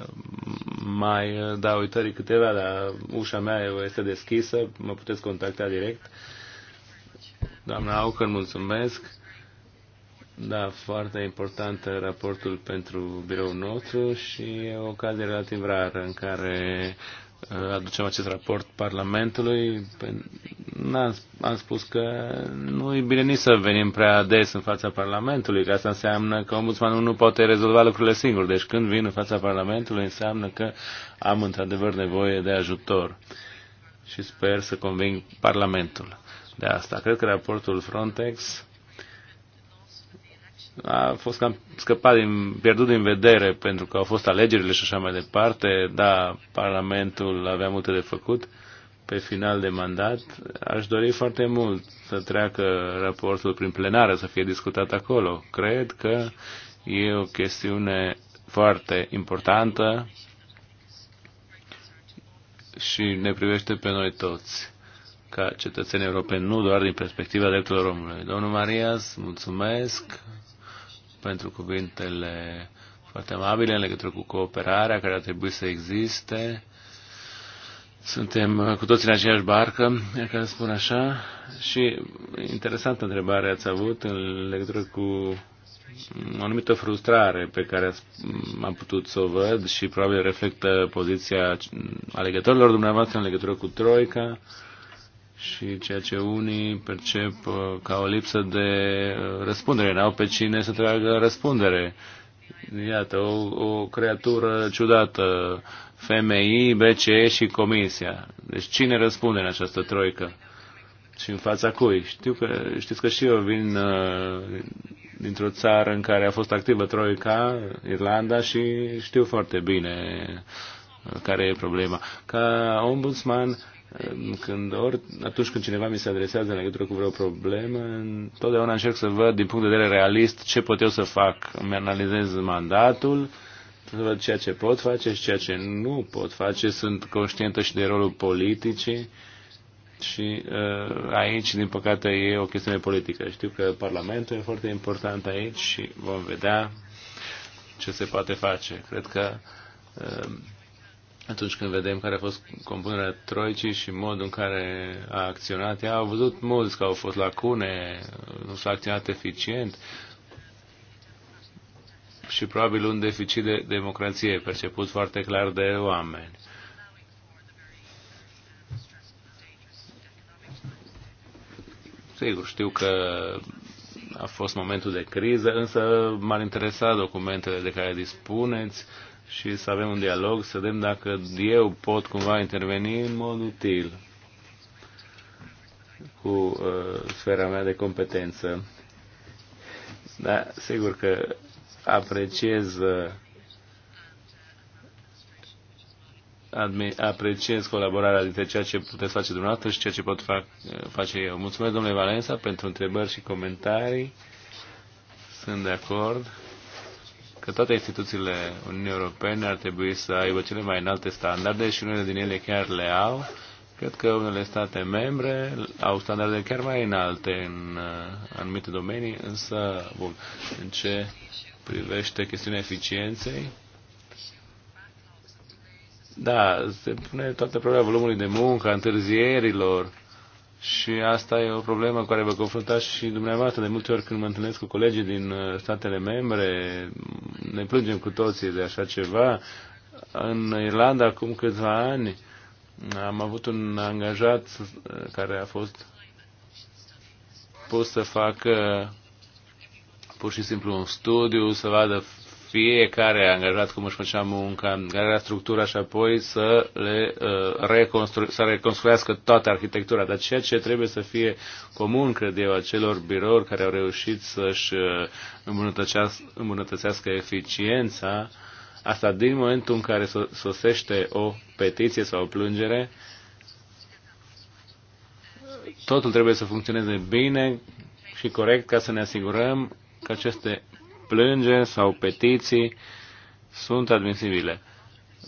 mai uh, dau uitării câteva, dar ușa mea este deschisă, mă puteți contacta direct. Doamna Aucă, mulțumesc. Da, foarte important raportul pentru biroul nostru și e o ocazie relativ rară în care aducem acest raport Parlamentului. Păi, am am spus că nu e bine nici să venim prea des în fața Parlamentului, că asta înseamnă că ombudsmanul nu poate rezolva lucrurile singur. Deci când vin în fața Parlamentului înseamnă că am într-adevăr nevoie de ajutor și sper să conving Parlamentul de asta. Cred că raportul Frontex a fost cam scăpat din, pierdut din vedere pentru că au fost alegerile și așa mai departe, da, Parlamentul avea multe de făcut pe final de mandat. Aș dori foarte mult să treacă raportul prin plenară, să fie discutat acolo. Cred că e o chestiune foarte importantă și ne privește pe noi toți ca cetățeni europeni, nu doar din perspectiva drepturilor omului. Domnul Marias, mulțumesc pentru cuvintele foarte amabile în legătură cu cooperarea care ar trebui să existe. Suntem cu toți în aceeași barcă, ca să spun așa, și interesantă întrebare ați avut în legătură cu o anumită frustrare pe care am putut să o văd și probabil reflectă poziția alegătorilor dumneavoastră în legătură cu Troica și ceea ce unii percep uh, ca o lipsă de uh, răspundere. N-au pe cine să tragă răspundere. Iată, o, o creatură ciudată, FMI, BCE și Comisia. Deci cine răspunde în această troică? Și în fața cui? Știu că, știți că și eu vin uh, dintr-o țară în care a fost activă troica, Irlanda, și știu foarte bine care e problema. Ca ombudsman, când ori, atunci când cineva mi se adresează în legătură cu vreo problemă, totdeauna încerc să văd din punct de vedere realist ce pot eu să fac. Îmi analizez mandatul, să văd ceea ce pot face și ceea ce nu pot face. Sunt conștientă și de rolul politicii și uh, aici, din păcate, e o chestiune politică. Știu că Parlamentul e foarte important aici și vom vedea ce se poate face. Cred că uh, atunci când vedem care a fost compunerea Troicii și modul în care a acționat. Ea au văzut mulți că au fost lacune, nu s-a acționat eficient și probabil un deficit de democrație perceput foarte clar de oameni. Sigur, știu că a fost momentul de criză, însă m-ar interesa documentele de care dispuneți și să avem un dialog, să vedem dacă eu pot cumva interveni în mod util cu uh, sfera mea de competență. Da, sigur că apreciez uh, apreciez colaborarea dintre ceea ce puteți face dumneavoastră și ceea ce pot fac, uh, face eu. Mulțumesc, domnule Valensa, pentru întrebări și comentarii. Sunt de acord că toate instituțiile Uniunii Europene ar trebui să aibă cele mai înalte standarde și unele din ele chiar le au. Cred că unele state membre au standarde chiar mai înalte în uh, anumite domenii, însă, bun, în ce privește chestiunea eficienței, da, se pune toată problema volumului de muncă, a întârzierilor, și asta e o problemă cu care vă confruntați și dumneavoastră. De multe ori când mă întâlnesc cu colegii din uh, statele membre, ne plângem cu toții de așa ceva. În Irlanda, acum câțiva ani, am avut un angajat uh, care a fost pus să facă pur și simplu un studiu, să vadă fiecare angajat cum își făcea munca, care era structura și apoi să, le, uh, reconstru- să reconstruiască toată arhitectura. Dar ceea ce trebuie să fie comun, cred eu, acelor birouri care au reușit să-și uh, îmbunătățească, îmbunătățească eficiența, asta din momentul în care sosește o petiție sau o plângere, totul trebuie să funcționeze bine și corect ca să ne asigurăm că aceste plângeri sau petiții sunt admisibile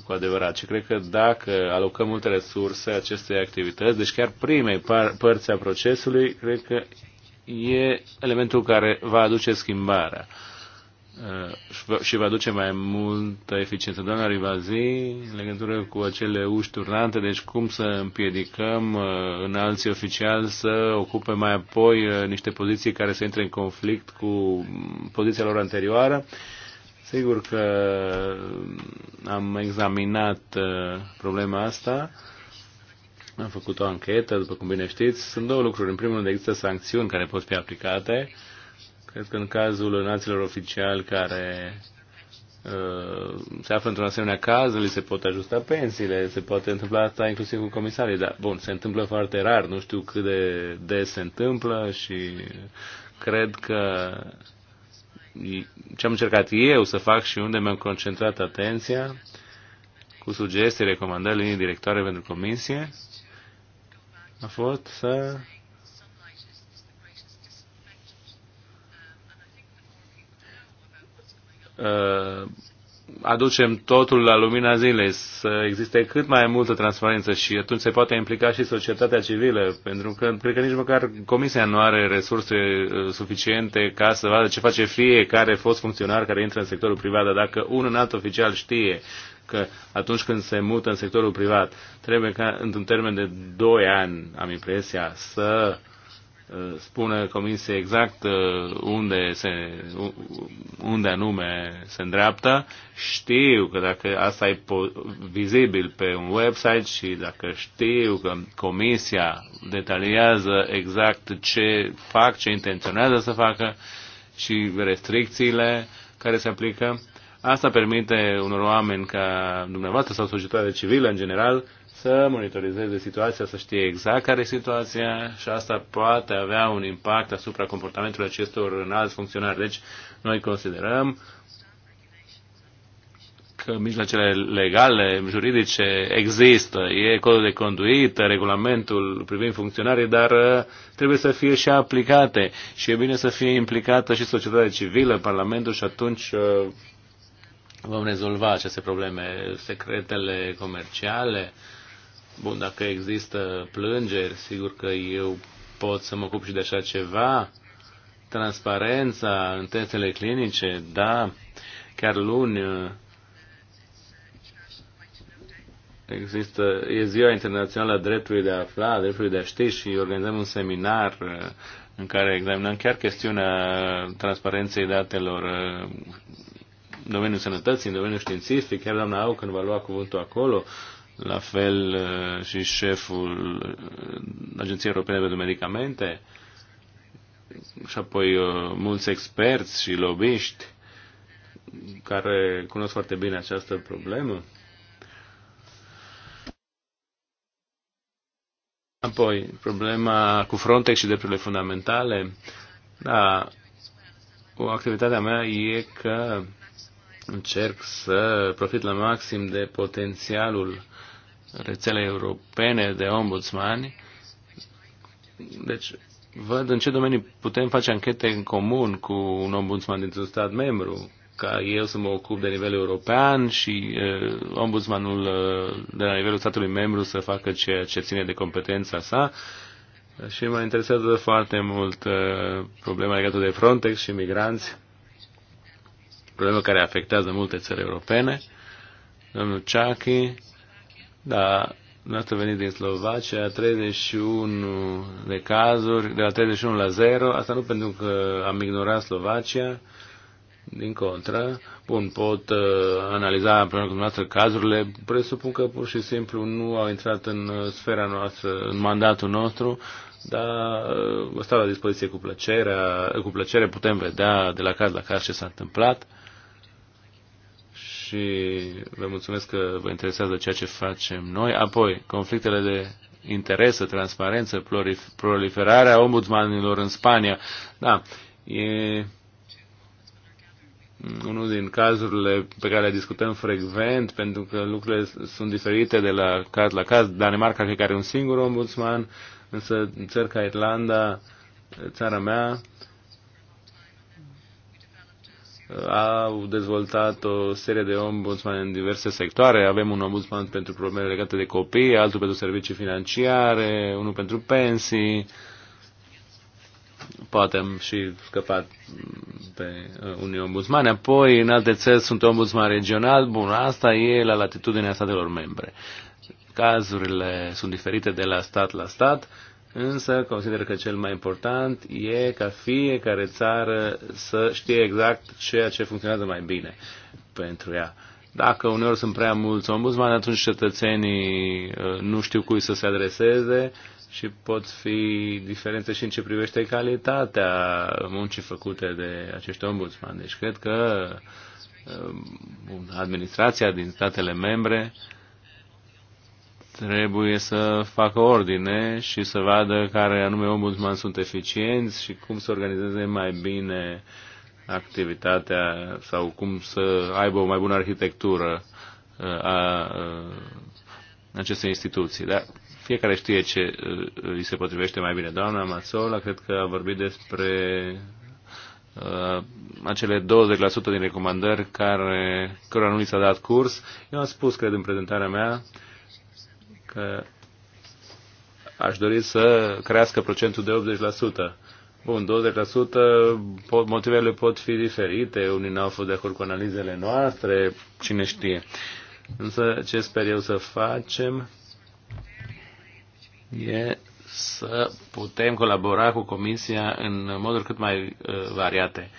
cu adevărat. Și cred că dacă alocăm multe resurse acestei activități, deci chiar primei par- părți a procesului, cred că e elementul care va aduce schimbarea. Uh, și va duce mai multă eficiență. Doamna Rivazi, în legătură cu acele uși turnante, deci cum să împiedicăm uh, în alții oficiali să ocupe mai apoi uh, niște poziții care să intre în conflict cu poziția lor anterioară. Sigur că am examinat problema asta. Am făcut o anchetă, după cum bine știți. Sunt două lucruri. În primul rând există sancțiuni care pot fi aplicate Cred că în cazul înaților oficiali care uh, se află într-un asemenea caz, li se pot ajusta pensiile, se poate întâmpla asta inclusiv cu comisarii, dar bun, se întâmplă foarte rar, nu știu cât de des se întâmplă și cred că ce am încercat eu să fac și unde mi-am concentrat atenția cu sugestii, recomandări, linii directoare pentru comisie, a fost să Uh, aducem totul la lumina zilei, să existe cât mai multă transparență și atunci se poate implica și societatea civilă, pentru că cred că nici măcar Comisia nu are resurse uh, suficiente ca să vadă ce face fiecare fost funcționar care intră în sectorul privat, dar dacă un înalt oficial știe că atunci când se mută în sectorul privat, trebuie ca într-un termen de 2 ani, am impresia, să uh, spune comisia exact uh, unde, se, unde anume se îndreaptă. Știu că dacă asta e vizibil pe un website și dacă știu că Comisia detaliază exact ce fac, ce intenționează să facă și restricțiile care se aplică, asta permite unor oameni ca dumneavoastră sau societatea civilă în general să monitorizeze situația, să știe exact care e situația și asta poate avea un impact asupra comportamentului acestor înalți funcționari. Deci, noi considerăm că mijloacele legale, juridice există, e codul de conduită, regulamentul privind funcționarii, dar uh, trebuie să fie și aplicate și e bine să fie implicată și societatea civilă, Parlamentul și atunci uh, vom rezolva aceste probleme, secretele comerciale, Bun, dacă există plângeri, sigur că eu pot să mă ocup și de așa ceva. Transparența în testele clinice, da, chiar luni uh, există, e ziua internațională a dreptului de a afla, dreptului de a ști și organizăm un seminar uh, în care examinăm chiar chestiunea transparenței datelor uh, în domeniul sănătății, în domeniul științific, chiar doamna Aucan va lua cuvântul acolo la fel uh, și șeful uh, Agenției Europene pentru Medicamente, și apoi uh, mulți experți și lobiști care cunosc foarte bine această problemă. Apoi, problema cu Frontex și drepturile fundamentale. Da, o activitatea mea e că încerc să profit la maxim de potențialul rețelei europene de ombudsmani. Deci, văd în ce domenii putem face anchete în comun cu un ombudsman dintr-un stat membru, ca eu să mă ocup de nivel european și uh, ombudsmanul uh, de la nivelul statului membru să facă ceea ce ține de competența sa. Și mă interesează foarte mult uh, problema legată de Frontex și migranți problemă care afectează multe țări europene. Domnul Ciachi, da, noastră venit din Slovacia, 31 de cazuri, de la 31 la 0, asta nu pentru că am ignorat Slovacia, din contră, bun, pot uh, analiza împreună cu dumneavoastră cazurile, presupun că pur și simplu nu au intrat în uh, sfera noastră, în mandatul nostru, dar uh, vă stau la dispoziție cu plăcere, cu plăcere putem vedea de la caz la caz ce s-a întâmplat și vă mulțumesc că vă interesează ceea ce facem noi. Apoi, conflictele de interesă, transparență, proliferarea ombudsmanilor în Spania. Da, e unul din cazurile pe care le discutăm frecvent, pentru că lucrurile sunt diferite de la caz la caz. Danemarca cred că are un singur ombudsman, însă în țări ca Irlanda, țara mea, au dezvoltat o serie de ombudsman în diverse sectoare. Avem un ombudsman pentru probleme legate de copii, altul pentru servicii financiare, unul pentru pensii. Poate am și scăpat pe uh, unii ombudsmani. Apoi, în alte țări sunt ombudsman regional. Bun, asta e la latitudinea statelor membre. Cazurile sunt diferite de la stat la stat însă consider că cel mai important e ca fiecare țară să știe exact ceea ce funcționează mai bine pentru ea. Dacă uneori sunt prea mulți ombudsmani, atunci cetățenii uh, nu știu cui să se adreseze și pot fi diferențe și în ce privește calitatea muncii făcute de acești ombudsmani. Deci cred că uh, administrația din statele membre trebuie să facă ordine și să vadă care anume ombudsman sunt eficienți și cum să organizeze mai bine activitatea sau cum să aibă o mai bună arhitectură uh, a uh, acestei instituții. Dar fiecare știe ce uh, îi se potrivește mai bine. Doamna Mazzola cred că a vorbit despre acele 20% din recomandări care, care nu li s-a dat curs. Eu am spus, cred, în prezentarea mea, că aș dori să crească procentul de 80%. Bun, 20% motivele pot fi diferite, unii n-au fost de acord cu analizele noastre, cine știe. Însă ce sper eu să facem e să putem colabora cu Comisia în moduri cât mai uh, variate.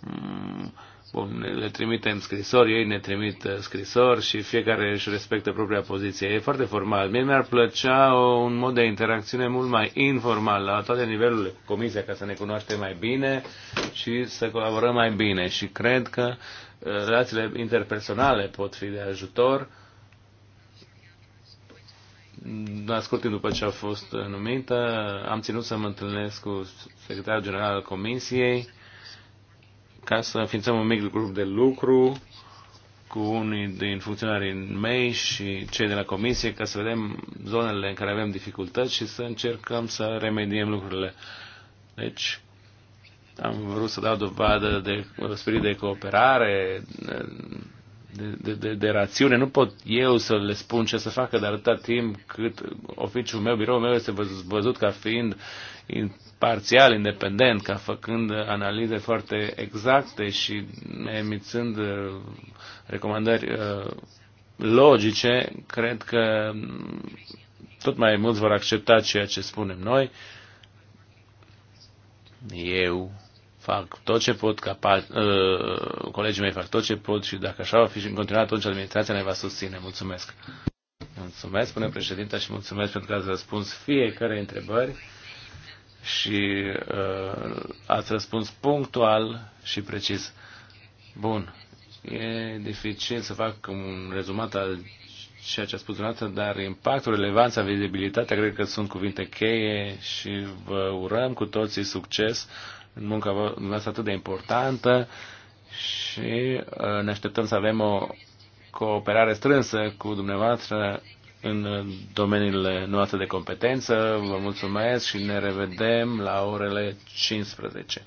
Mm Bun, le trimitem scrisori, ei ne trimit uh, scrisori și fiecare își respectă propria poziție. E foarte formal. Mie mi-ar plăcea un mod de interacțiune mult mai informal la toate nivelurile comisia ca să ne cunoaștem mai bine și să colaborăm mai bine. Și cred că uh, relațiile interpersonale pot fi de ajutor la scurt timp după ce a fost numită, am ținut să mă întâlnesc cu secretarul general al Comisiei ca să înființăm un mic grup de lucru cu unii din funcționarii mei și cei de la comisie ca să vedem zonele în care avem dificultăți și să încercăm să remediem lucrurile. Deci, am vrut să dau dovadă de spirit de cooperare, de, de, de, de rațiune. Nu pot eu să le spun ce să facă, dar atâta timp cât oficiul meu, biroul meu este văzut ca fiind parțial, independent, ca făcând analize foarte exacte și emițând uh, recomandări uh, logice, cred că tot mai mulți vor accepta ceea ce spunem noi. Eu fac tot ce pot, pa, uh, colegii mei fac tot ce pot și dacă așa va fi și în continuare, atunci administrația ne va susține. Mulțumesc! Mulțumesc, spune președinta, și mulțumesc pentru că ați răspuns fiecare întrebări și uh, ați răspuns punctual și precis. Bun, e dificil să fac un rezumat al ceea ce a spus dumneavoastră, dar impactul, relevanța, vizibilitatea, cred că sunt cuvinte cheie și vă urăm cu toții succes în munca noastră atât de importantă și uh, ne așteptăm să avem o cooperare strânsă cu dumneavoastră în domeniile noastre de competență. Vă mulțumesc și ne revedem la orele 15.